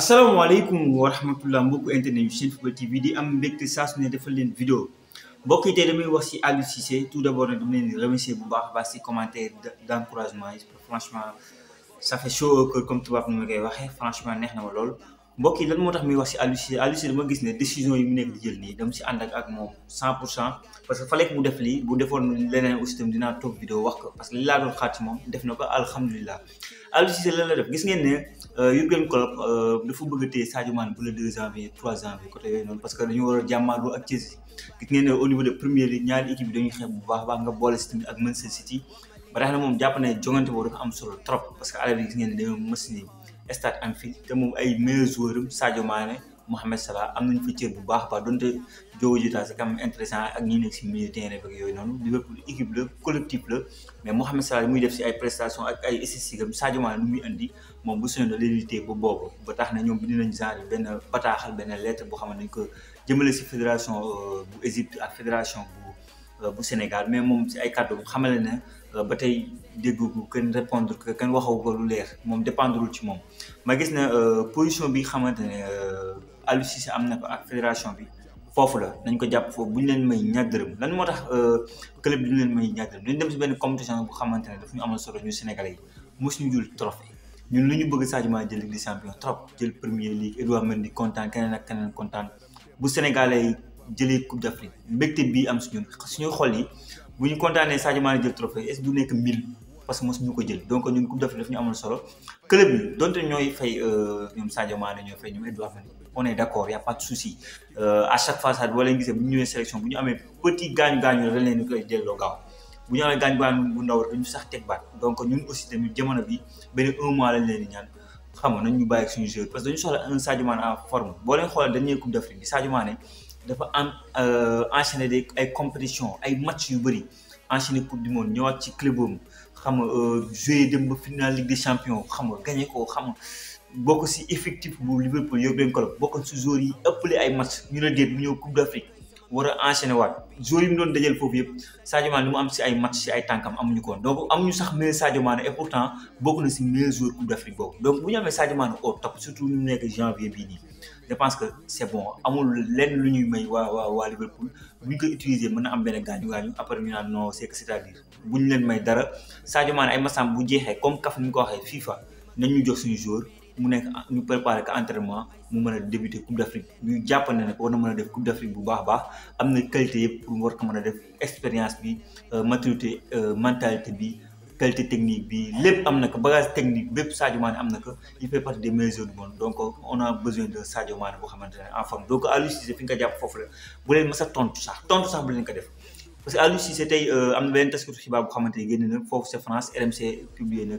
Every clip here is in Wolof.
asalaamaaleykum wa rahmatullah mbokku internet yu Senfootball TV di am mbégte saa su ne defal leen vidéo mbokk yi tey damay wax si Aliou tout d' abord nag dama leen bu baax baax si commentaire d' encouragement yi franchement ça fait comme tubaab ni waxee franchement neex na ma lool. mbokk yi lan moo tax muy wax si Aliou Cissé gis ne décision yi mu nekk di jël nii dama si ànd ak ak moom 100 pour cent parce que fallait mu def lii bu defoon leneen aussi tamit dinaa toog vidéo wax ko parce que li laa doon na ko alhamdulilah Aliou gis ngeen ne euh, Jurgen Klopp euh, dafa a téye Sadio parce que dañu war a jàmmaarloo ak Chelsea gis ngeen ne au niveau de première ligue ñaari équipe yi dañuy xeeb bu baax baax nga boole si tamit ak Manchester City ba tax na moom jàpp ne jongante boobu dafa am solo trop parce que alal bi gis ngeen ne dañoo mës stade en fi te moom ay meilleurs joueurs am Sadio Mané Mohamed Salah am nañu fa cër bu baax a baax donte Diogo Jota c'est quand même intéressant ak ñi nekk si milieu terrain rek yooyu noonu Liverpool équipe la collectif la mais Mohamed Salah muy def si ay prestations ak ay statistiques am Sadio Mané muy andi moom bu soñoon da leen di ba boobu ba tax na ñoom bi dinañ genre benn bataaxal benn lettre boo xam ne dañ ko jëmale si fédération euh, bu Égypte ak fédération bu. Euh, bu Sénégal mais moom ci ay kàddu xamale ne euh, ba tey dégg ko kenn répondre que kenn waxaw ko lu leer moom dépendrul ci moom. ma gis ne euh, position bi xamante ne Aliou Cissé am na ko ak fédération bi foofu la nañ ko jàpp foofu buñu ñu leen may ñaar lan moo tax club bi du leen may ñaar dërëm dem si benn compétition bu xamante ne daf ñu amal solo ñu Sénégalais yi ñu jul trophée ñun lu ñu bëgg Sadio jël ligue des champions trop jël premier ligue Edouard Mendy content keneen ak keneen content bu Sénégalais yi jëlee coupe d' Afrique mbégte bii am suñu suñu xol yi bu ñu kontaanee Sadio Mané jël trophée est ce du nekk 1000 parce que mosuñu ko jël donc ñun coupe d' Afrique daf ñu amoon solo club yi donte ñooy fay euh, ñoom Sadio Mané ñooy fay ñoom Edouard Mendy on est d' accord y' a pas de souci euh, à chaque fois ça wala gisee bu ñu ñëwee sélection bu ñu amee petit gaañu gaañu dañ leen di koy delloo gaaw bu ñu amee gaañu gaañu bu ndaw dañu sax teg baat donc ñun aussi tamit jamono bi benn un mois lañ leen di ñaan. xam nga nañ ñu bàyyi suñu jeu parce que dañu soxla un Sadio Mané en forme boo leen xoolee dañuy coupe d' Afrique bi Sadio Mané dafa en euh, enchaîné des ay compétition ay match yu enchaîner enchaîné coupe du monde ñëwaat ci clubam xam nga euh, joué dem ba de ligue des champions xam nga beaucoup ko xam si effectif bu Liverpool yóbbu leen ko la bokk si joueurs yi ëppale ay match ñu ne déet mu coupe d'Afrique. war a enchaîner waat joueurs yi mu doon foofu yëpp Sadio Mané mu am si ay match si ay tànkam amuñu ko woon donc amuñu sax meilleur Sadio Mané et pourtant bokk na si meilleur joueur Coupe d'Afrique boobu donc bu ñu que c'est bon amul lenn lu ñuy may waa waa waa Liverpool bu ñu ko utiliser mën na am benn gaañu gaañu après ñu naan non c'est que c'est-à-dire bu ñu leen may dara Sadio Mané ay masam bu jeexee comme kaf ni ñu ko waxee FIFA nañ ñu jox suñu joueur mu nekk ñu préparé ko entraînement mu mën a débuter coupe d' ñu jàpp nag war na mën a def coupe d' bu baax a baax am na qualité yëpp pour war ko mën a def expérience bi euh, maturité euh, mentalité bi qualité technique bi lépp am na ko bagage technique bépp Sadio am na ko il fait partie des meilleurs joueurs du monde donc euh, on a besoin de Sadio Mané boo xamante ne en forme donc Aliou fi nga jàpp foofu la bu leen mës a tontu sax tontu sax bu leen ko def. parce que Aliou Cissé tey am na na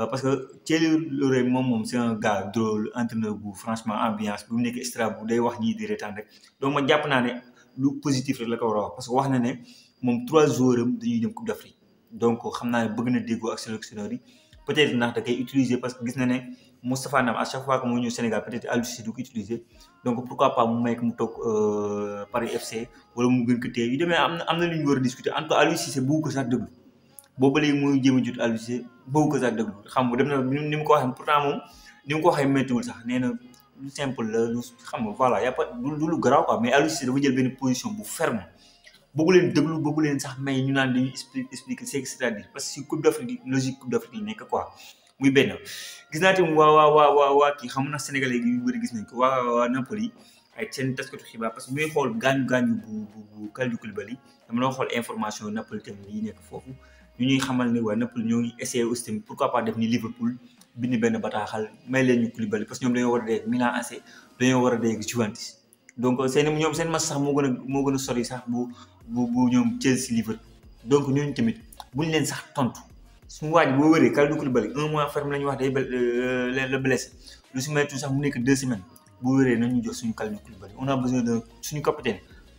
Euh, parce que Thierry Loret moom moom c'est un gars drôle entraîneur bu franchement ambiance bu mu nekk Strasbourg day wax ñii di retaan rek donc ma jàpp naa ne lu positif rek la ko wax parce que wax na ne moom trois joueurs am dañuy jëm donc xam naa ne bëgg na déggoo ak sélectionneur yi peut da koy parce que gis na ne Moustapha Nam à chaque fois que mu ñëw Sénégal peut-être Aliou Cissé du ko utiliser donc pourquoi pas mu may ko mu toog euh, Paris FC wala mu gën ko téye yu demee am na am na lu ñu war a discuter en tout cas ko sax déglu. boobu ba léegi muy jéem a jot Aliou Cissé xam nga dem na ni mu ko waxee pourtant moom ni mu ko waxee sax nee na lu simple la xam nga voilà y' a pas lu garaaw quoi mais Aliou Cissé dafa jël benn position bu ferme bëggu leen déglu bëggu leen sax may ñu naan dañuy expliquer c'est c'est-à-dire parce que si Coupe d'Afrique logique Coupe d'Afrique yi nekk quoi. muy benn gis naa tamit waa waa waa waa waa kii xam na sénégalais gis nañ ko waa waa Napoli ay seen taskatu xibaar parce que muy xool gaañu gaañu bu bu bu Kalidou Koulibaly dama doon xool information Napoli tamit yi nekk foofu. ñu ñuy xamal ni waa Naples ñoo ngi essayé aussi tamit pourquoi pas def ni Liverpool bind benn bataaxal may leen ñu parce que ñoom dañoo war a dee Milan AC dañoo war a dee Juventus donc seen ñoom seen match sax moo moo gën sax bu bu bu ñoom Chelsea Liverpool donc ñooñu tamit buñ leen sax tontu suñu waaj boo wëree Kalidou Koulibaly un mois ferme wax day euh, la blessé sax mu nekk deux semaines boo wëree nañu jox suñu Kalidou Koulibaly on a besoin de suñu capitaine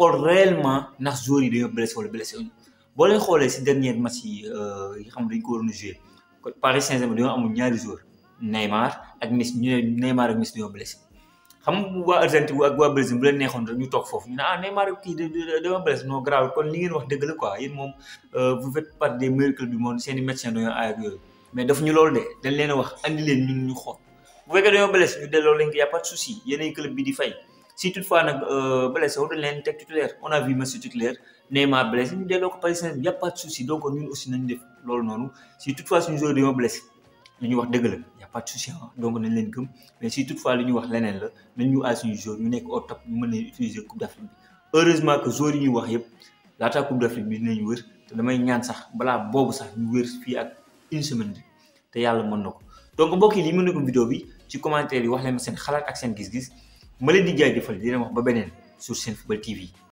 xool réellement ndax joueurs yi dañoo blessé wala blessé wuñu boo leen xoolee si dernier match yi euh, nga xam ne dañ ko waroon a joué Paris Saint-Germain dañoo ñaari joueurs Neymar ak Messi ñu ne Neymar ak Messi dañoo blessé xam nga neexoon rek ñu toog foofu ñu ne ah, kii dañoo blessé non grave kon li ngeen wax dëgg la quoi yéen moom euh, vous faites part des meilleurs clubs du monde seen i médecins dañoo aay mais daf ñu loolu de dañ leen wax andi leen ñun ñu xool bu fekkee dañoo blessé ñu delloo leen ko y a pas yeneen club bi di fay si toutefois euh, blessé waruñu leen teg titulaire on a vu match titulaire Neymar blessé ñu delloo ko Paris Saint-Germain a pas de souci donc ñun aussi nañu def lolu noonu si toutefois suñu joueur dañoo blessé ñu wax dëgg la y a pas de souci donc nañ leen gëm mais si toutefois li ñu wax leneen la nañ ñu aay suñu joueur ñu nek au top ñu mën utiliser Coupe d'Afrique heureusement que joueur ñu ñuy wax yëpp laata Coupe d'Afrique bi dinañ wër te damay ñaan sax bala bobu sax ñu wër fi ak une semaine bi te yalla mën nako donc mbokk yi li mën na ko vidéo bi ci commentaire yi wax leen ma seen xalaat ak seen gis-gis ma di jaajëfal di leen wax ba beneen sur Senfootball TV.